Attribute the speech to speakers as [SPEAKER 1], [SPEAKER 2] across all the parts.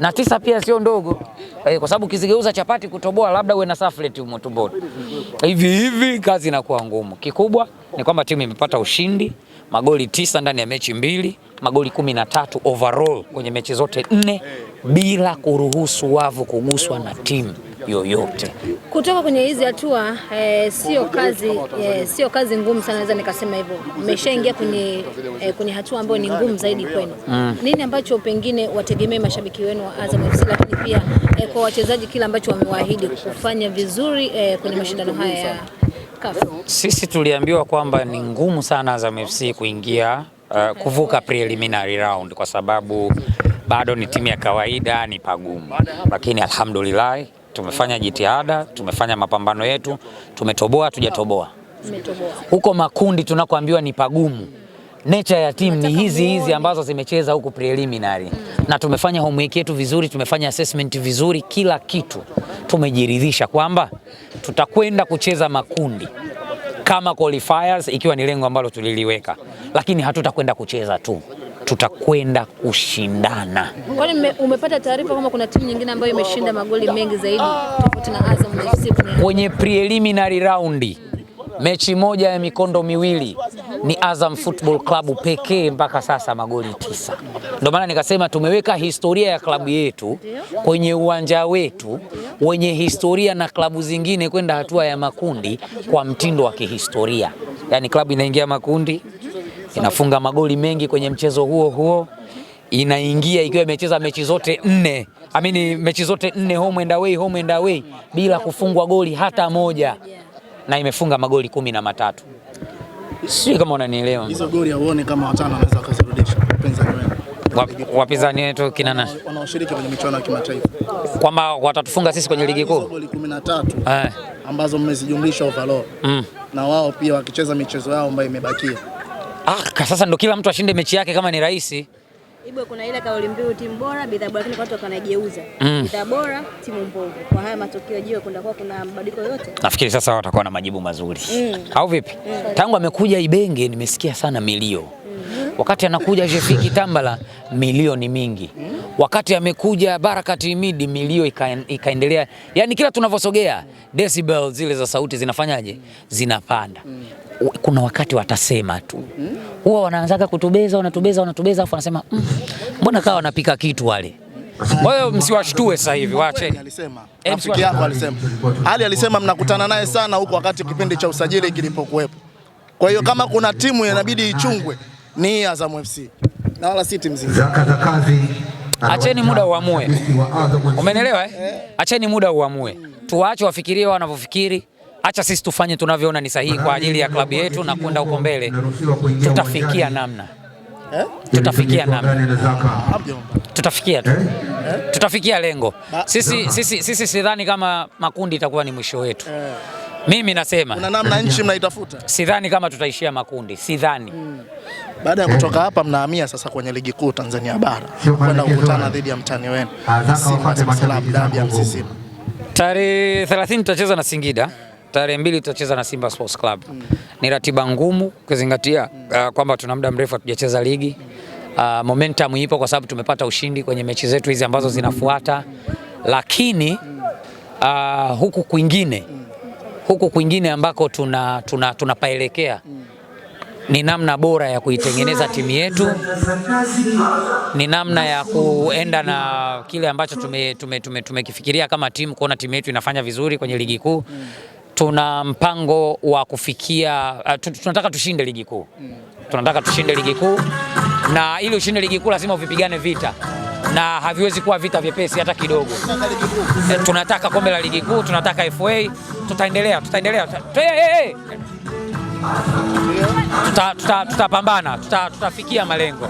[SPEAKER 1] na tisa pia sio ndogo eh, kwa sababu kizigeuza chapati kutoboa, labda uwe na saflet humo tumboni hivi hivi, kazi inakuwa ngumu. Kikubwa ni kwamba timu imepata ushindi magoli tisa ndani ya mechi mbili, magoli kumi na tatu overall kwenye mechi zote nne bila kuruhusu wavu kuguswa na timu yoyote
[SPEAKER 2] kutoka kwenye hizi hatua eh, sio kazi eh, sio kazi ngumu sana, naweza nikasema hivyo. Umeshaingia kwenye, eh, kwenye hatua ambayo ni ngumu zaidi kwenu mm. Nini ambacho pengine wategemee mashabiki wenu wa Azam FC, lakini pia e, kwa wachezaji kile ambacho wamewaahidi kufanya vizuri e, kwenye mashindano haya ya CAF?
[SPEAKER 1] Sisi tuliambiwa kwamba ni ngumu sana Azam FC kuingia uh, kuvuka preliminary round kwa sababu bado ni timu ya kawaida, ni pagumu, lakini alhamdulillah tumefanya jitihada, tumefanya mapambano yetu, tumetoboa, tujatoboa huko makundi tunakoambiwa ni pagumu. Nature ya timu ni hizi hizi ambazo zimecheza huku preliminary. Mm na tumefanya homework yetu vizuri, tumefanya assessment vizuri, kila kitu tumejiridhisha kwamba tutakwenda kucheza makundi kama qualifiers, ikiwa ni lengo ambalo tuliliweka, lakini hatutakwenda kucheza tu tutakwenda kushindana.
[SPEAKER 2] Kwani umepata taarifa kama kuna timu nyingine ambayo imeshinda magoli mengi zaidi tofauti na Azam FC
[SPEAKER 1] kwenye preliminary round, mechi moja ya mikondo miwili ni Azam Football Club pekee mpaka sasa magoli tisa. Ndio maana nikasema tumeweka historia ya klabu yetu kwenye uwanja wetu wenye historia na klabu zingine kwenda hatua ya makundi kwa mtindo wa kihistoria, yaani klabu inaingia makundi inafunga magoli mengi kwenye mchezo huo huo inaingia ikiwa imecheza mechi zote nne amini mechi zote nne home and away, home and away bila kufungwa goli hata moja na imefunga magoli kumi na matatu sio kama unanielewa.
[SPEAKER 3] Hizo goli hauone kama watano wanaweza kuzirudisha wapinzani
[SPEAKER 1] wenu? Wapinzani wetu kina nani
[SPEAKER 3] wanaoshiriki kwenye michuano ya kimataifa,
[SPEAKER 1] kwamba watatufunga sisi kwenye ligi kuu?
[SPEAKER 3] Goli 13 Eh. ambazo mmezijumlisha overall mm. na wao pia wakicheza michezo yao ambayo imebakia.
[SPEAKER 1] Ah, sasa ndo kila mtu ashinde mechi yake kama ni rahisi
[SPEAKER 2] Ibwe kuna ile kauli mbiu timu bora bidhaa bora, lakini watu wakanageuza mm. bidhaa bora timu mbovu. Kwa haya matokeo, je, kwa kuna mabadiliko yote?
[SPEAKER 1] Nafikiri sasa watakuwa na majibu mazuri mm. au vipi? mm. tangu amekuja Ibenge nimesikia sana milio mm. wakati anakuja Jeff Kitambala milio ni mingi mm. wakati amekuja Baraka Imidi milio ikaendelea ika, yani kila tunavyosogea decibel zile za sauti zinafanyaje, zinapanda mm. kuna wakati watasema tu mm huwa wanaanzaga kutubeza, wanatubeza, wanatubeza afu wanasema mm, mbona kawa wanapika kitu wale. Kwa hiyo msiwashtue sasa hivi, waache. Eh,
[SPEAKER 3] Rafiki yako alisema, Ali alisema mnakutana naye sana huko wakati kipindi cha usajili kilipokuwepo. Kwa hiyo kama kuna timu inabidi ichungwe ni Azam FC na wala si timu zingine.
[SPEAKER 1] Acheni muda uamue, umenielewa eh? eh? Acheni muda uamue, tuwaache wafikirie wanavyofikiri acha sisi tufanye tunavyoona ni sahihi kwa ajili ya klabu yetu na kwenda huko mbele, tutafikia namna eh? tutafikia namna tutafikia tu eh? tutafikia lengo sisi, sisi, sisi sidhani kama makundi itakuwa ni mwisho wetu eh. Mimi nasema una
[SPEAKER 3] namna nchi mnaitafuta,
[SPEAKER 1] sidhani kama tutaishia makundi, sidhani hmm.
[SPEAKER 3] Baada ya kutoka hapa mnahamia sasa kwenye ligi kuu Tanzania bara kwenda kukutana dhidi ya mtani wenu Simba, dabi ya
[SPEAKER 1] tarehe 30 tutacheza na Singida. Eh tarehe mbili tutacheza na Simba Sports Club. Mm. Ni ratiba ngumu ukizingatia uh, kwamba tuna muda mrefu hatujacheza ligi. Uh, momentum ipo kwa sababu tumepata ushindi kwenye mechi zetu hizi ambazo zinafuata, lakini uh, huku kwingine huku kwingine ambako tuna, tuna, tunapaelekea ni namna bora ya kuitengeneza timu yetu, ni namna ya kuenda na kile ambacho tumekifikiria tume, tume, tume kama timu, kuona timu yetu inafanya vizuri kwenye ligi kuu tuna mpango wa kufikia uh, tunataka tushinde ligi kuu mm. tunataka tushinde ligi kuu, na ili ushinde ligi kuu lazima uvipigane vita, na haviwezi kuwa vita vyepesi hata kidogo. Eh, tunataka kombe la ligi kuu, tunataka FA. Tutaendelea, tutaendelea, tutapambana, tutafikia malengo.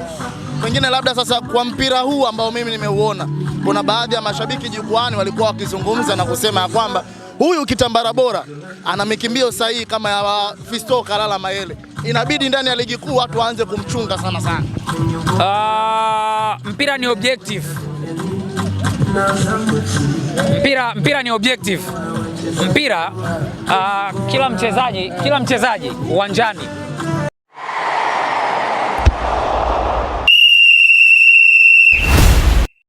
[SPEAKER 3] Pengine labda sasa, kwa mpira huu ambao mimi nimeuona, kuna baadhi ya mashabiki jukwani walikuwa wakizungumza na kusema ya kwamba Huyu kitambara bora ana mikimbio sahihi kama ya Fisto Kalala Mayele, inabidi ndani ya ligi kuu watu waanze kumchunga sana sana.
[SPEAKER 1] Uh, mpira ni objective. Mpira, mpira ni objective. Mpira uh, kila mchezaji kila mchezaji uwanjani